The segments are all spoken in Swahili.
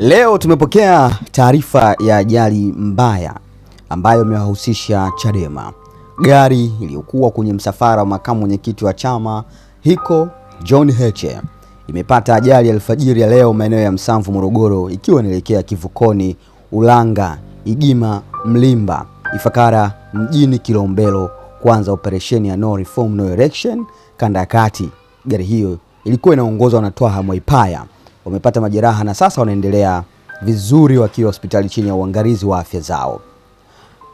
Leo tumepokea taarifa ya ajali mbaya ambayo imewahusisha Chadema. Gari iliyokuwa kwenye msafara wa makamu mwenyekiti wa chama hiko John Heche imepata ajali alfajiri ya leo maeneo ya Msamvu, Morogoro, ikiwa inaelekea Kivukoni, Ulanga, Igima, Mlimba, Ifakara mjini Kilombero kuanza operesheni ya no reform no election kanda ya kati. Gari hiyo ilikuwa inaongozwa na Twaha Mwaipaya wamepata majeraha na sasa wanaendelea vizuri wakiwa hospitali chini ya uangalizi wa afya zao.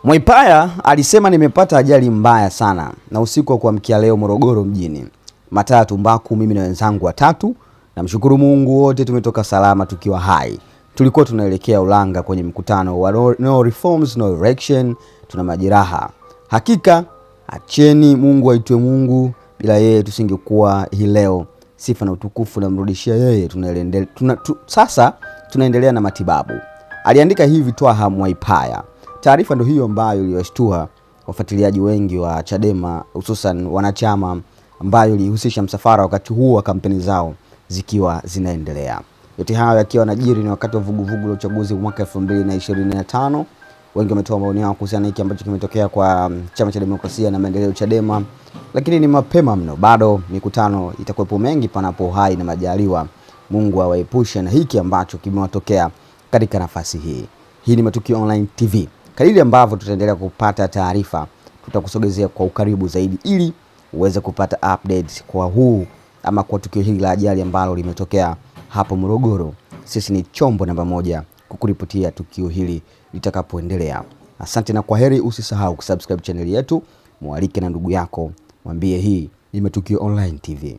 Mwaipaya alisema nimepata ajali mbaya sana na usiku wa kuamkia leo Morogoro mjini, mataa ya tumbaku, mimi na wenzangu watatu. Namshukuru Mungu wote tumetoka salama tukiwa hai. Tulikuwa tunaelekea Ulanga kwenye mkutano wa no reforms, no election. Tuna majeraha hakika, acheni Mungu aitwe Mungu, bila yeye tusingekuwa hii leo sifa na utukufu namrudishia yeye. Tunaendelea tuna, tu, sasa tunaendelea na matibabu. Aliandika hivi Twaha Mwaipaya. Taarifa ndio hiyo ambayo iliwashtua wafuatiliaji wengi wa Chadema hususan wanachama, ambayo ilihusisha msafara wakati huo wa kampeni zao zikiwa zinaendelea. Yote hayo yakiwa najiri ni wakati wa vuguvugu la uchaguzi mwaka 2025 wengi wametoa maoni yao kuhusiana na hiki ambacho kimetokea kwa mm, chama cha demokrasia na maendeleo Chadema, lakini ni mapema mno, bado mikutano itakuwepo mengi panapo hai na majaliwa. Mungu awaepushe na hiki ambacho kimewatokea katika nafasi hii. Hii ni Matukio Online TV. Kadiri ambavyo tutaendelea kupata taarifa, tutakusogezea kwa ukaribu zaidi, ili uweze kupata updates kwa huu ama kwa tukio hili la ajali ambalo limetokea hapo Morogoro. Sisi ni chombo namba moja kukuripotia tukio hili litakapoendelea. Asante na kwa heri. Usisahau kusubscribe chaneli yetu, mwalike na ndugu yako, mwambie hii ni Matukio Online TV.